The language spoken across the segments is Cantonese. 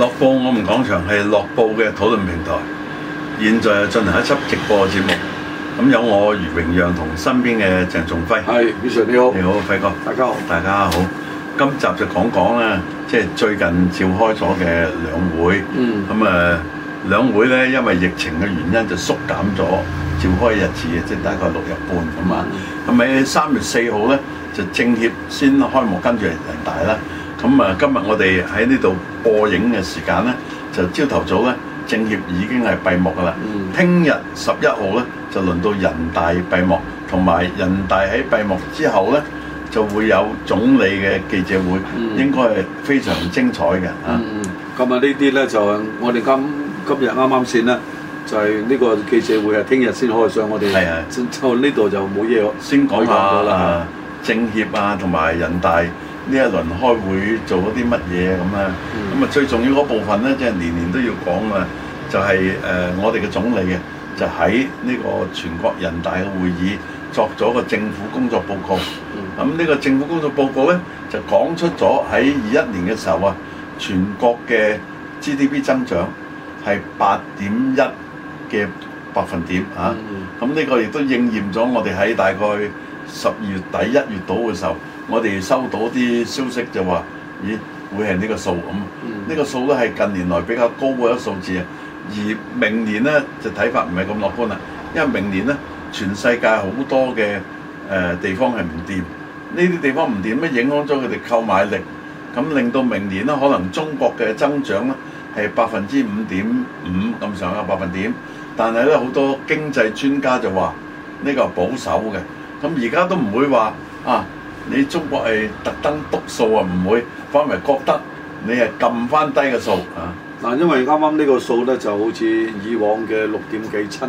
《樂報我們講場》係《樂報》嘅討論平台，現在進行一輯直播節目。咁有我余榮陽同身邊嘅鄭仲輝。係是，主席你好。你好，輝哥。大家好，大家好。今集就講講啦，即係最近召開咗嘅兩會。嗯。咁誒、嗯，兩會咧，因為疫情嘅原因就縮減咗召開日子，即係大概六日半咁啊。咁喺三月四號咧，就政協先開幕，跟住人大啦。咁啊，今日我哋喺呢度播映嘅時間呢，就朝頭早呢，政協已經係閉幕噶啦。嗯。聽日十一號呢，就輪到人大閉幕，同埋人大喺閉幕之後呢，就會有總理嘅記者會，嗯、應該係非常精彩嘅，嗯。嗯嗯。咁、嗯、啊，呢啲呢，就我哋今今日啱啱先啦，就係、是、呢個記者會係聽日先開，所以我哋係的啊。喺呢度就冇嘢先講咗啦，啊、政協啊，同埋人大。呢一輪開會做咗啲乜嘢咁啊？咁啊、嗯、最重要嗰部分呢，即、就、係、是、年年都要講啊，就係、是、誒、呃、我哋嘅總理啊就喺呢個全國人大嘅會議作咗個政府工作報告。咁呢、嗯、個政府工作報告呢，就講出咗喺二一年嘅時候啊，全國嘅 GDP 增長係八點一嘅百分點啊。咁呢、嗯、個亦都應驗咗我哋喺大概十二月底一月度嘅時候。我哋收到啲消息就話，咦，會係呢個數咁？呢、這個數咧係近年來比較高嘅一個數字。而明年呢，就睇法唔係咁樂觀啦，因為明年呢，全世界好多嘅誒、呃、地方係唔掂，呢啲地方唔掂咧影響咗佢哋購買力，咁令到明年呢，可能中國嘅增長呢係百分之五點五咁上下百分點。但係呢，好多經濟專家就話呢、這個係保守嘅，咁而家都唔會話啊。你中國係特登讀數啊，唔會反而覺得你係撳翻低嘅數啊！嗱，因為啱啱呢個數咧就好似以往嘅六點幾七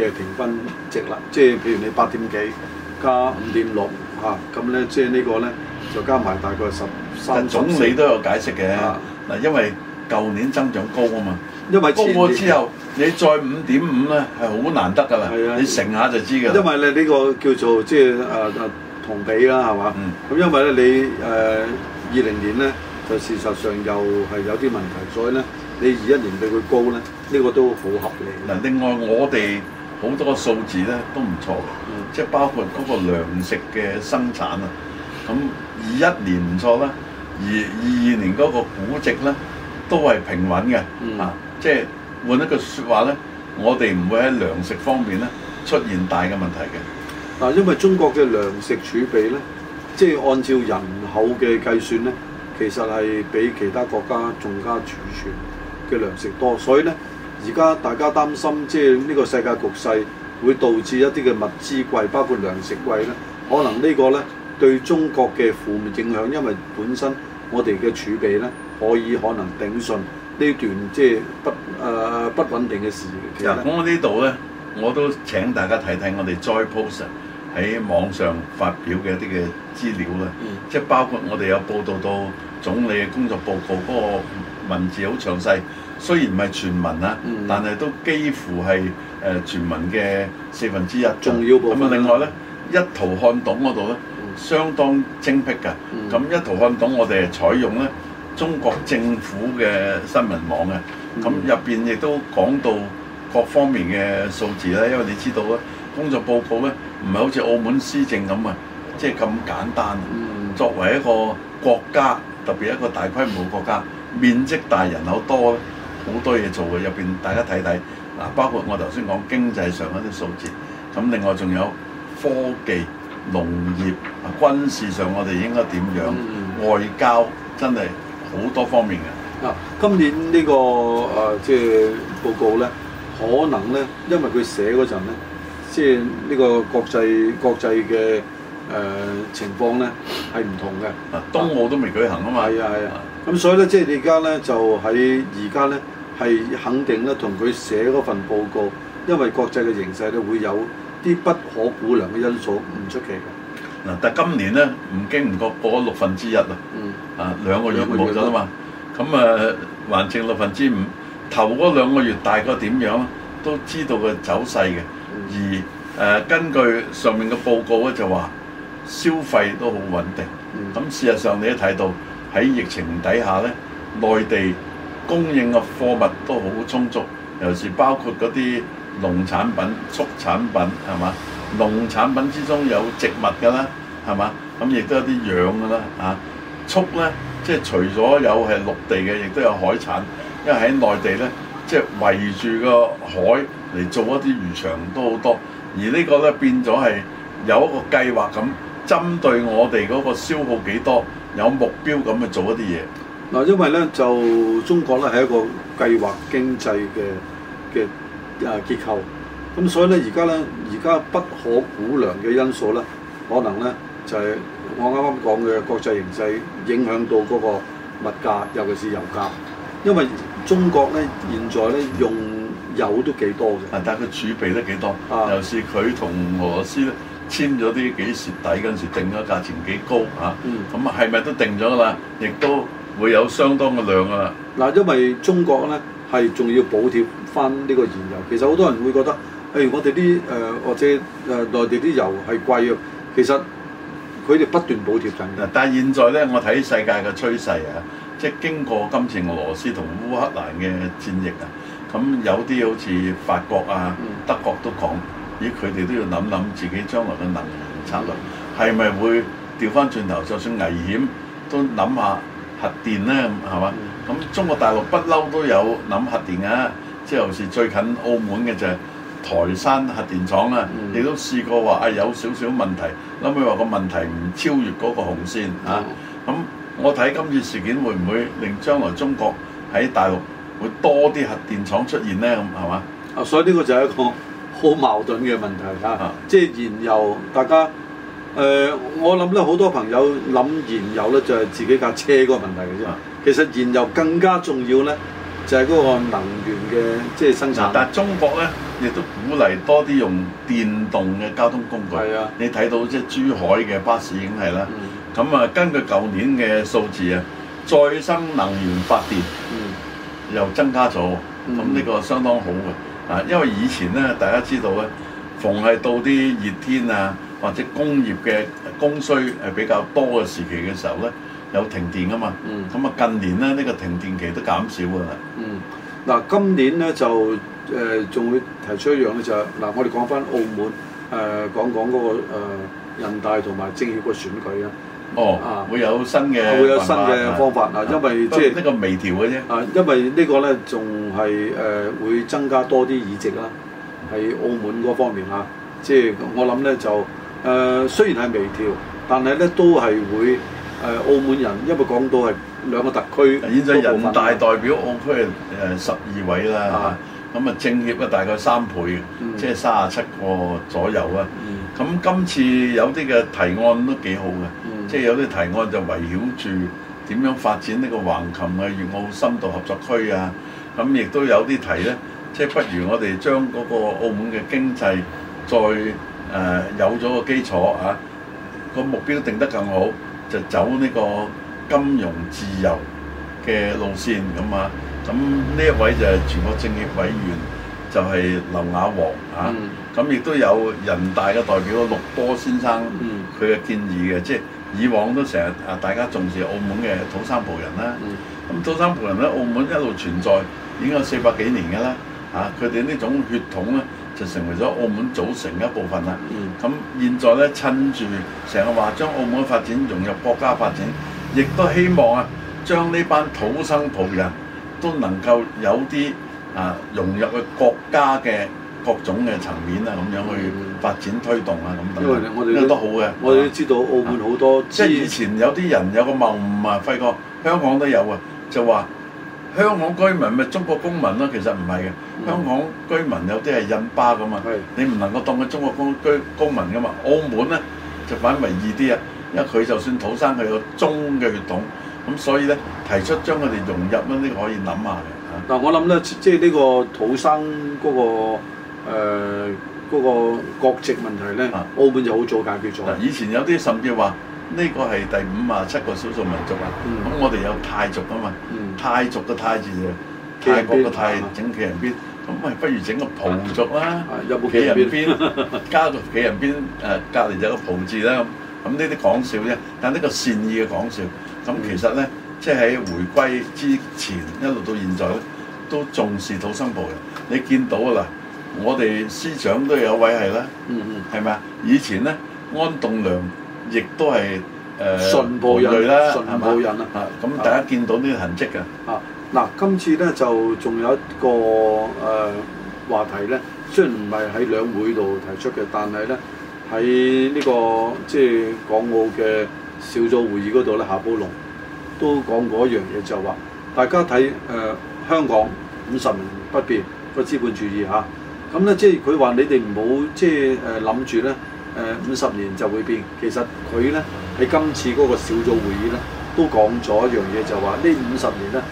嘅平均值啦，即、就、係、是、譬如你八點幾加五點六嚇，咁咧即係呢個咧就加埋大概十三、嗯。但 14, 總理都有解釋嘅嗱，啊、因為舊年增長高啊嘛。因為高過之後，你再五點五咧係好難得㗎啦。係啊，你乘下就知㗎。因為咧呢個叫做即係誒同比啦，係嘛？嗯。咁因為咧你誒二零年咧，就事實上又係有啲問題，所以咧你二一年比佢高咧，呢個都好合理。嗱，另外我哋好多個數字咧都唔錯，即係包括嗰個糧食嘅生產啊。咁二一年唔錯啦，而二二年嗰個估值咧都係平穩嘅。啊、嗯。即係換一個説話呢，我哋唔會喺糧食方面咧出現大嘅問題嘅。嗱，因為中國嘅糧食儲備呢，即係按照人口嘅計算呢，其實係比其他國家仲加儲存嘅糧食多，所以呢，而家大家擔心即係呢個世界局勢會導致一啲嘅物資貴，包括糧食貴呢，可能呢個呢對中國嘅負面影響，因為本身我哋嘅儲備呢，可以可能頂順。呢段即係不誒、呃、不穩定嘅事。嗱，咁我呢度咧，我都請大家睇睇我哋 Joy Post 喺網上發表嘅一啲嘅資料啦。即係、嗯、包括我哋有報道到總理嘅工作報告嗰、嗯、個文字好詳細，雖然唔係全文啦，嗯、但係都幾乎係誒全文嘅四分之一。重要部分。咁啊，另外咧，一圖看懂嗰度咧，嗯、相當精闢㗎。咁、嗯、一圖看懂我哋係採用咧。中國政府嘅新聞網啊，咁入邊亦都講到各方面嘅數字咧。因為你知道咧，工作報告咧唔係好似澳門施政咁啊，即係咁簡單。作為一個國家，特別一個大規模國家，面積大、人口多，好多嘢做嘅。入邊大家睇睇嗱，包括我頭先講經濟上嗰啲數字，咁另外仲有科技、農業、軍事上，我哋應該點樣？外交真係～好多方面嘅啊！今年呢、呢個誒即係報告咧，可能咧，因為佢寫嗰陣咧，即係呢個國際國際嘅誒情況咧係唔同嘅。東奧、啊、都未舉行啊嘛，係啊係啊。咁、啊啊啊、所以咧，即係你而家咧就喺而家咧係肯定咧，同佢寫嗰份報告，因為國際嘅形勢咧會有啲不可估量嘅因素，唔出奇嘅。但今年咧唔經唔覺過咗六分之一啦，嗯、啊兩個月冇咗啦嘛，咁誒還剩六分之五。嗯、頭嗰兩個月大概點樣，都知道個走勢嘅。嗯、而誒、呃、根據上面嘅報告咧，就話消費都好穩定。咁、嗯、事實上你一睇到喺疫情底下咧，內地供應嘅貨物都好充足，尤其是包括嗰啲農產品、畜產品，係嘛？農產品之中有植物嘅啦，係嘛？咁亦都有啲養嘅啦，嚇、啊、畜咧，即係除咗有係陸地嘅，亦都有海產，因為喺內地咧，即係圍住個海嚟做一啲漁場都好多。而個呢個咧變咗係有一個計劃咁，針對我哋嗰個消耗幾多，有目標咁去做一啲嘢。嗱，因為咧就中國咧係一個計劃經濟嘅嘅啊結構。咁所以咧，而家咧，而家不可估量嘅因素咧，可能咧就係、是、我啱啱講嘅國際形勢影響到嗰個物價，尤其是油價。因為中國咧，現在咧用油都幾多嘅。但係佢儲備得幾多？啊，尤其是佢同俄羅斯簽咗啲幾蝕底嗰陣時定咗價錢幾高嚇。咁啊，係咪、嗯、都定咗啦？亦都會有相當嘅量啊。嗱、啊，因為中國咧係仲要補貼翻呢個燃油，其實好多人會覺得。誒、哎，我哋啲誒或者誒、呃、內地啲油係貴啊，其實佢哋不斷補貼緊嘅。但係現在咧，我睇世界嘅趨勢啊，即係經過今次俄羅斯同烏克蘭嘅戰役啊，咁有啲好似法國啊、德國都講，咦，佢哋都要諗諗自己將來嘅能源策略，係咪、嗯、會調翻轉頭？就算危險都諗下核電咧、啊，係嘛？咁中國大陸不嬲都有諗核電啊，即係好似最近澳門嘅就是。台山核電廠咧，亦都試過話啊有少少問題，諗起話個問題唔超越嗰個紅線啊。咁我睇今次事件會唔會令將來中國喺大陸會多啲核電廠出現呢？咁係嘛？啊，所以呢個就係一個好矛盾嘅問題啊。即係燃油，大家誒，我諗咧好多朋友諗燃油咧就係自己架車嗰個問題嘅啫。其實燃油更加重要咧，就係嗰個能源嘅即係生產。但係中國咧。亦都鼓勵多啲用電動嘅交通工具。的你睇到即係珠海嘅巴士已經係啦。咁啊、嗯，根據舊年嘅數字啊，再生能源發電又增加咗，咁呢、嗯、個相當好嘅。啊，因為以前咧，大家知道呢逢係到啲熱天啊，或者工業嘅供需係比較多嘅時期嘅時候呢有停電噶嘛。咁啊、嗯，近年呢、呢、這個停電期都減少㗎啦。嗱、嗯，今年呢，就。誒仲、呃、會提出一樣咧就係、是、嗱，我哋講返澳門誒講講嗰個、呃、人大同埋政協嘅選舉、哦、啊！哦，啊會有新嘅會有新嘅方法啊！因為即係呢個微調嘅啫啊！因為個呢個咧仲係誒會增加多啲議席啦，喺澳門嗰方面啊！即、就、係、是、我諗咧就誒、呃、雖然係微調，但係咧都係會誒、呃、澳門人，因為講到係兩個特區，人大代表澳區誒十二位啦。嗯嗯嗯嗯嗯嗯咁啊，政協啊，大概三倍、嗯、即係三十七個左右啊。咁、嗯、今次有啲嘅提案都幾好嘅，嗯、即係有啲提案就圍繞住點樣發展呢個橫琴嘅粵澳深度合作區啊。咁亦都有啲提咧，即係不如我哋將嗰個澳門嘅經濟再誒、呃、有咗個基礎啊，個目標定得更好，就走呢個金融自由嘅路線咁啊。咁呢一位就係全國政協委、委員，就係林亞華嚇，咁亦都有人大嘅代表陸波先生，佢嘅、嗯、建議嘅，即、就、係、是、以往都成日啊大家重視澳門嘅土生葡人啦，咁、嗯、土生葡人咧澳門一路存在已經有四百幾年㗎啦，嚇佢哋呢種血統咧就成為咗澳門組成一部分啦，咁、嗯、現在咧趁住成日話將澳門發展融入國家發展，亦都希望啊將呢班土生葡人。都能夠有啲啊融入去國家嘅各種嘅層面啦，咁樣去發展推動啊，咁等等，因為我哋都好嘅，我哋都知道澳門好多，即係、啊就是、以前有啲人有個謬誤啊，廢過香港都有啊，就話香港居民咪中國公民咯，其實唔係嘅，香港居民有啲係印巴噶嘛，嗯、你唔能夠當佢中國公居公民噶嘛，澳門呢，就反為易啲啊，因為佢就算土生佢有個中嘅血統。咁所以咧，提出將佢哋融入咧，呢、這個可以諗下嘅嚇。嗱，我諗咧，即係呢個土生嗰、那個誒嗰、呃那個、國籍問題咧，澳門就好早解決咗。以前有啲甚至話呢個係第五十七個少數民族啊，咁、嗯、我哋有泰族吖嘛？泰族嘅泰字就泰國嘅泰整企人邊，咁咪不如整個葡族啦，有冇企人邊加個企人邊誒隔離有個葡字啦咁，咁呢啲講笑啫，但呢個善意嘅講笑。咁、嗯、其實咧，即係喺回歸之前一路到現在咧，都重視土生葡人。你見到啊啦，我哋司長都有位係啦、嗯，嗯嗯，係咪啊？以前咧，安棟梁亦都係誒，信、呃、葡人，信葡類人吧啊，嚇！咁大家見到呢個痕跡㗎、啊。啊，嗱，今次咧就仲有一個誒、呃、話題咧，雖然唔係喺兩會度提出嘅，但係咧喺呢、這個即係、就是、港澳嘅。小組會議嗰度咧，夏寶龍都講過一樣嘢，就係話、是、大家睇誒、呃、香港五十年不變個資本主義嚇，咁咧即係佢話你哋唔好即係誒諗住咧誒五十年就會變，其實佢咧喺今次嗰個小組會議咧都講咗一樣嘢，就係話呢五十年咧，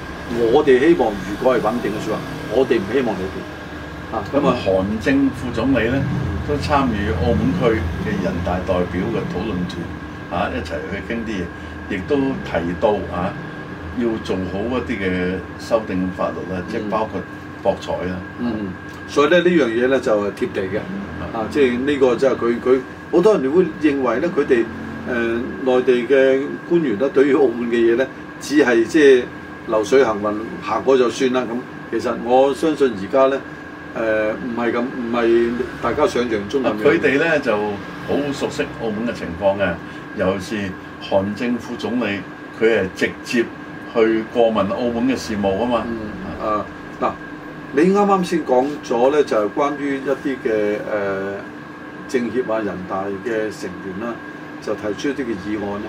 我哋希望如果係穩定嘅話，我哋唔希望你變。啊，咁、嗯、啊，韓正副總理咧都參與澳門區嘅人大代表嘅討論團。啊！一齊去傾啲嘢，亦都提到啊，要做好一啲嘅修訂法律啦，即係包括博彩啦。嗯是所以咧呢樣嘢咧就係貼地嘅。嗯、啊，即係呢個即係佢佢好多人會認為咧，佢哋誒內地嘅官員咧，對於澳門嘅嘢咧，只係即係流水行運，行過就算啦咁。其實我相信而家咧誒，唔係咁，唔係大家想象中咁。佢哋咧就好熟悉澳門嘅情況嘅。嗯嗯尤其是韓正副總理，佢係直接去過問澳門嘅事務啊嘛。誒、嗯，嗱、啊，你啱啱先講咗咧，就係、是、關於一啲嘅誒政協啊、人大嘅成員啦，就提出一啲嘅議案咧。誒、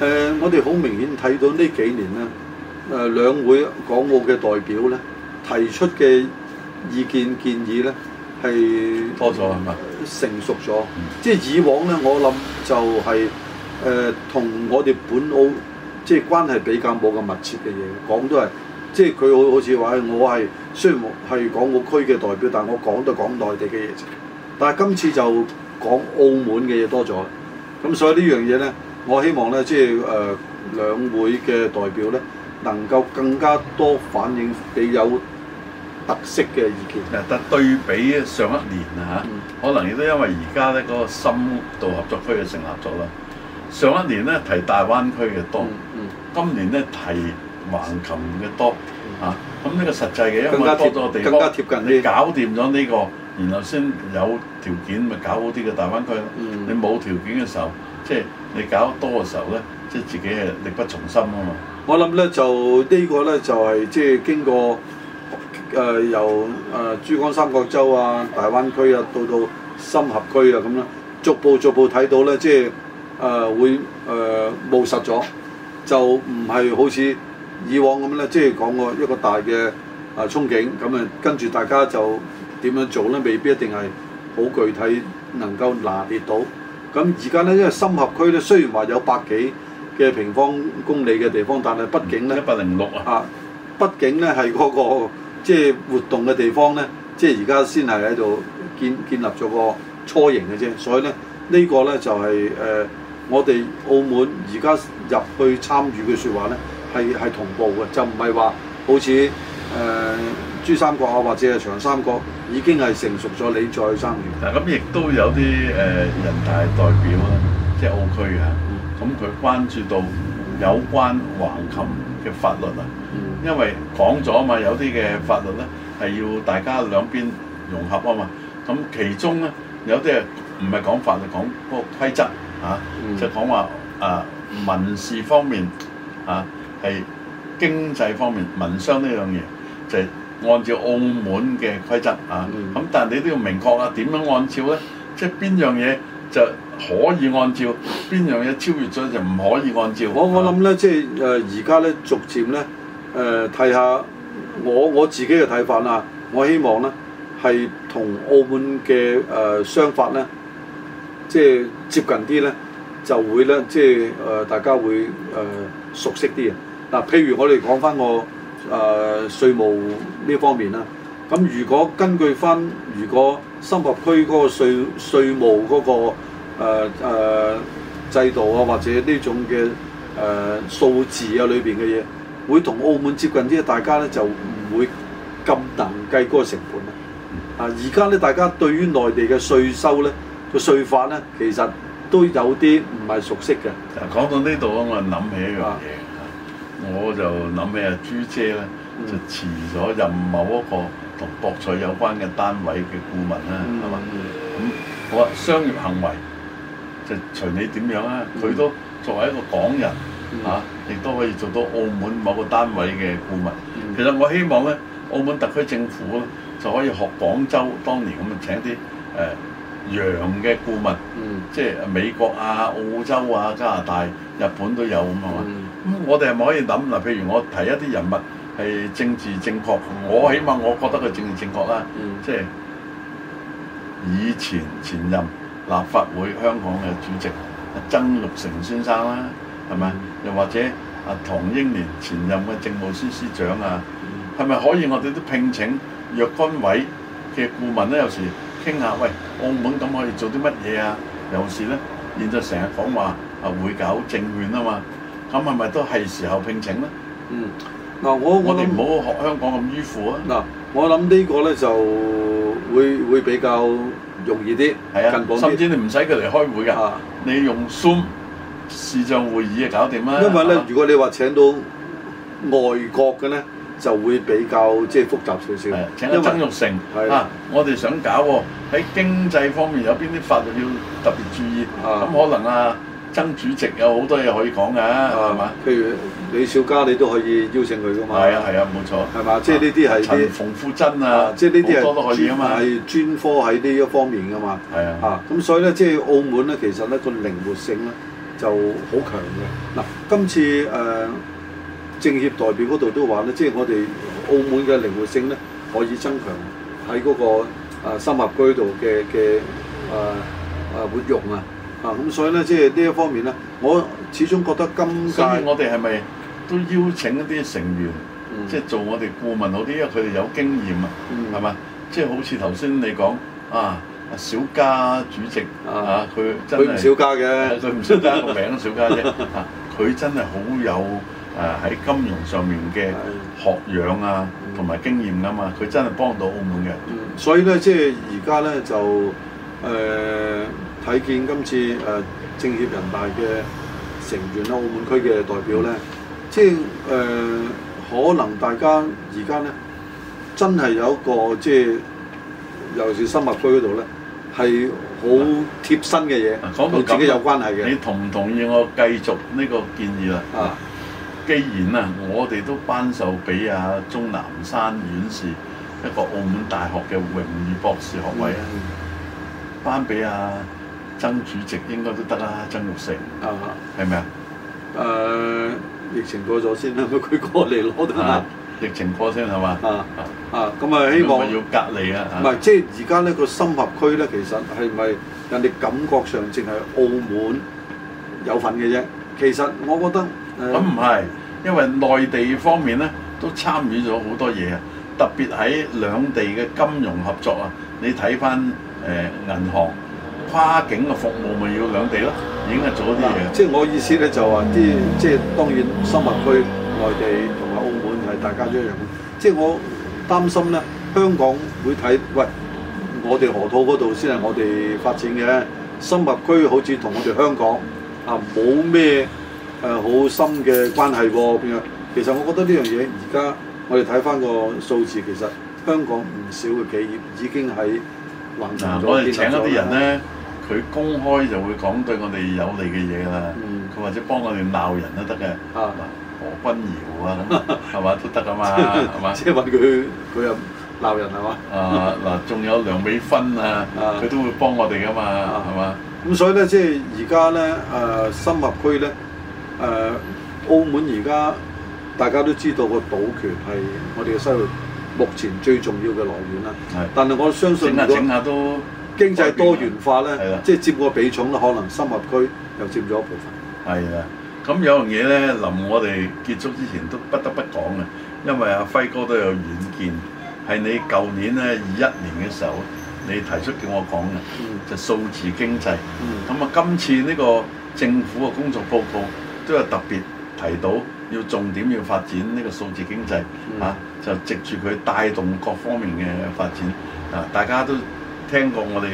呃，我哋好明顯睇到呢幾年咧，誒、呃、兩會港澳嘅代表咧提出嘅意見建議咧，係多咗係嘛？呃、成熟咗。嗯、即係以往咧，我諗就係、是。誒同、呃、我哋本澳即係關係比較冇咁密切嘅嘢講都係，即係佢好好似話，我係雖然係港澳區嘅代表，但係我講都係講內地嘅嘢，但係今次就講澳門嘅嘢多咗，咁所以呢樣嘢呢，我希望呢，即係誒、呃、兩會嘅代表呢，能夠更加多反映你有特色嘅意見。但對比上一年啊，可能亦都因為而家呢嗰個深度合作區嘅成立咗啦。上一年咧提大灣區嘅多，嗯嗯、今年咧提橫琴嘅多，嚇咁呢個實際嘅，因為多咗個地方，更加貼近。你搞掂咗呢個，然後先有條件咪搞好啲嘅大灣區咯。嗯、你冇條件嘅時候，即係你搞得多嘅時候咧，即係自己係力不從心啊嘛。我諗咧就呢個咧就係即係經過誒、呃、由誒珠江三角洲啊、大灣區啊到到深合區啊咁啦，逐步逐步睇到咧即係。就是誒、呃、會誒務實咗，就唔係好似以往咁樣咧，即係講過一個大嘅啊、呃、憧憬，咁啊跟住大家就點樣做咧？未必一定係好具體能夠拿捏到。咁而家呢，因為深合區咧，雖然話有百幾嘅平方公里嘅地方，但係畢竟呢，一百零六啊，畢竟呢係嗰、那個即係活動嘅地方呢，即係而家先係喺度建建立咗個雛形嘅啫。所以呢，呢、這個呢就係、是、誒。呃這個就是呃我哋澳門而家入去參與嘅説話呢，係係同步嘅，就唔係話好似誒珠三角啊或者係長三角已經係成熟咗，你再參與。嗱、嗯，咁亦都有啲誒人大代表啊，即係澳區嘅，咁、嗯、佢、嗯、關注到有關橫琴嘅法律啊，嗯嗯、因為講咗啊嘛，有啲嘅法律呢係要大家兩邊融合啊嘛，咁其中呢，有啲啊唔係講法律，講嗰個規則。啊，就講話啊民事方面啊係經濟方面，民商呢樣嘢就係、按照澳門嘅規則啊，咁、嗯、但係你都要明確啊點樣按照咧？即係邊樣嘢就可以按照，邊樣嘢超越咗就唔可以按照。我我諗呢，即係而家呢，逐漸呢，誒睇下我我自己嘅睇法啦。我希望呢，係同澳門嘅誒商法呢。即係接近啲呢，就會呢，即係大家會誒、呃、熟悉啲啊！嗱，譬如我哋講翻個誒稅務呢方面啦，咁、啊、如果根據翻如果深合區嗰個稅稅務嗰、嗰個、呃呃、制度啊，或者呢種嘅誒數字啊裏邊嘅嘢，會同澳門接近啲，大家呢就唔會咁難計嗰個成本啦。啊，而家呢，大家對於內地嘅稅收呢。呢個稅法咧，其實都有啲唔係熟悉嘅。講到呢度啊，我諗起一樣嘢，我就諗起啊朱姐咧就辭咗任某一個同博彩有關嘅單位嘅顧問啦，係嘛、嗯？咁好啊，商業行為就隨你點樣啊，佢都作為一個港人嚇，亦、嗯啊、都可以做到澳門某個單位嘅顧問。其實我希望咧，澳門特區政府呢就可以學廣州當年咁啊請啲誒。呃洋嘅顧問，即係美國啊、澳洲啊、加拿大、日本都有咁啊嘛。咁、嗯嗯、我哋係咪可以諗嗱？譬如我提一啲人物係政治正確，嗯、我起碼我覺得佢政治正確啦。嗯、即係以前前任立法會香港嘅主席曾陸成曾鈺成先生啦，係咪？嗯、又或者阿、啊、唐英年前任嘅政務司司長啊，係咪、嗯、可以我哋都聘請若干位嘅顧問呢，有時。傾下喂，澳門咁可以做啲乜嘢啊？有事咧，現在成日講話啊，會搞證券啊嘛。咁係咪都係時候聘請咧？嗯，嗱，我我哋唔好學香港咁迂腐啊。嗱、嗯，我諗呢個咧就會會比較容易啲，係啊，甚至你唔使佢嚟開會㗎，啊、你用 Zoom 視像會議啊搞掂啦。因為咧，嗎如果你話請到外國嘅咧。就會比較即係複雜少少。請到曾鈺成啊，我哋想搞喎，喺經濟方面有邊啲法律要特別注意？咁可能啊，曾主席有好多嘢可以講㗎，係嘛？譬如李小嘉，你都可以邀請佢㗎嘛？係啊係啊，冇錯。係嘛？即係呢啲係陳馮富珍啊，即係呢啲係專科喺呢一方面㗎嘛。係啊，啊。啊，咁所以咧，即係澳門咧，其實咧個靈活性咧就好強嘅。嗱，今次誒。政協代表嗰度都話咧，即係我哋澳門嘅靈活性咧可以增強喺嗰、嗰個啊深合區度嘅嘅啊啊活用啊啊，咁所以咧，即係呢一方面咧，我始終覺得今屆我哋係咪都邀請一啲成員，嗯、即係做我哋顧問好啲，因為佢哋有經驗啊，係嘛？嗯、即係好似頭先你講啊小家主席啊，佢佢唔小家嘅， 佢唔小家，個名小家啫，佢、啊、真係好有。誒喺金融上面嘅學養啊，同埋經驗噶嘛，佢真係幫到澳門嘅、嗯。所以咧，即係而家咧就誒睇見今次誒政協人大嘅成員啦，澳門區嘅代表咧，嗯、即係誒、呃、可能大家而家咧真係有一個即係尤其是新物區嗰度咧，係好貼身嘅嘢，同、啊、自己有關係嘅、啊。你同唔同意我繼續呢個建議啊？既然啊，我哋都頒授俾啊鍾南山院士一個澳門大學嘅榮譽博士學位啊，頒俾啊曾主席應該都得啦、啊，曾玉成啊，係咪啊？誒，疫情過咗先啦，佢過嚟攞得啦。疫情過先係嘛？啊啊咁啊、嗯，希望要隔離啊。唔、嗯、係，即係而家呢個深合區咧，其實係咪人哋感覺上淨係澳門有份嘅啫？其實我覺得。咁唔係，因為內地方面咧都參與咗好多嘢啊，特別喺兩地嘅金融合作、呃嗯、啊，你睇翻誒銀行跨境嘅服務咪要兩地咯，影響咗啲嘢。即係我意思咧就話啲即係當然深合區內地同埋澳門係大家一樣，即係我擔心咧香港會睇，喂，我哋河套嗰度先係我哋發展嘅深合區，好似同我哋香港啊冇咩。誒好深嘅關係喎，其實、呃、我覺得呢樣嘢而家我哋睇翻個數字，其實香港唔少嘅企業已經喺混同我哋請一啲人咧，佢公開就會講對我哋有利嘅嘢啦。佢、嗯、或者幫我哋鬧人都得嘅。啊嗱，何君堯啊咁，係嘛 都得㗎嘛，係嘛？ 即係話佢佢又鬧人係嘛？啊嗱，仲有梁美芬啊，佢都會幫我哋㗎嘛，係嘛、 嗯？咁所以咧，即係而家咧，誒新界區咧。誒、呃，澳門而家大家都知道個賭權係我哋嘅生活目前最重要嘅來源啦。係的，但係我相信整下整下都經濟多元化咧，係啦，即係佔個比重啦，可能深合區又佔咗一部分。係啊，咁有樣嘢咧，臨我哋結束之前都不得不講嘅，因為阿輝哥都有遠見，係你舊年咧二一年嘅時候，你提出叫我講嘅、嗯、就數字經濟。咁啊、嗯，今次呢個政府嘅工作報告。都有特別提到要重點要發展呢個數字經濟嚇、嗯啊，就藉住佢帶動各方面嘅發展啊！大家都聽過我哋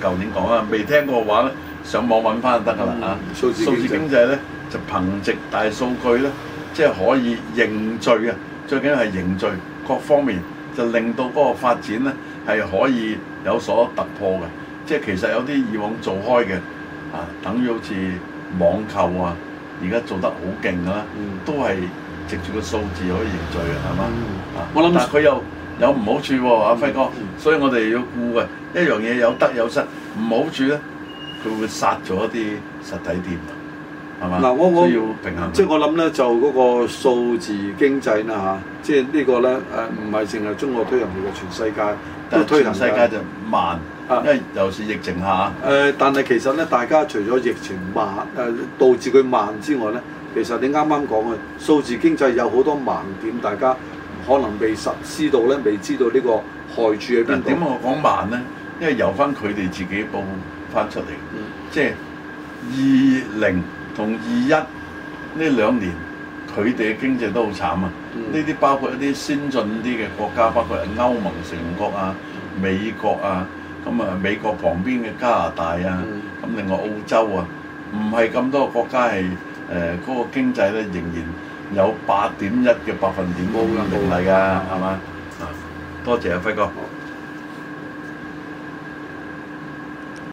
誒舊年講啦，未聽過話咧，上網揾翻就得噶啦嚇。數字經濟咧就憑藉大數據咧，即係可以凝聚嘅，最緊係凝聚各方面，就令到嗰個發展咧係可以有所突破嘅。即係其實有啲以往做開嘅啊，等於好似網購啊。而家做得好勁啦，都係藉住個數字可以凝聚嘅，係嘛？啊！我諗、啊，佢又有唔好處喎，阿輝哥，所以我哋要顧嘅一樣嘢有得有失，唔好處咧，佢會殺咗一啲實體店，係嘛？嗱、嗯，我我要平衡。即係我諗咧，就嗰個數字經濟啦吓，即係呢個咧誒，唔係淨係中國推行嚟嘅、啊，全世界但都推行世界就慢。因為又是疫情下，誒、呃，但係其實咧，大家除咗疫情慢誒、呃、導致佢慢之外咧，其實你啱啱講嘅數字經濟有好多盲點，大家可能未實施到咧，未知道呢個害處喺邊度。點解我講慢咧？因為由翻佢哋自己報翻出嚟，即係二零同二一呢兩年，佢哋嘅經濟都好慘啊！呢啲、嗯、包括一啲先進啲嘅國家，包括歐盟成國啊、美國啊。咁啊，美國旁邊嘅加拿大啊，咁、嗯、另外澳洲啊，唔係咁多個國家係誒嗰個經濟咧，仍然有八點一嘅百分點高咁樣動力㗎，係嘛、嗯？吧啊，多謝阿輝哥。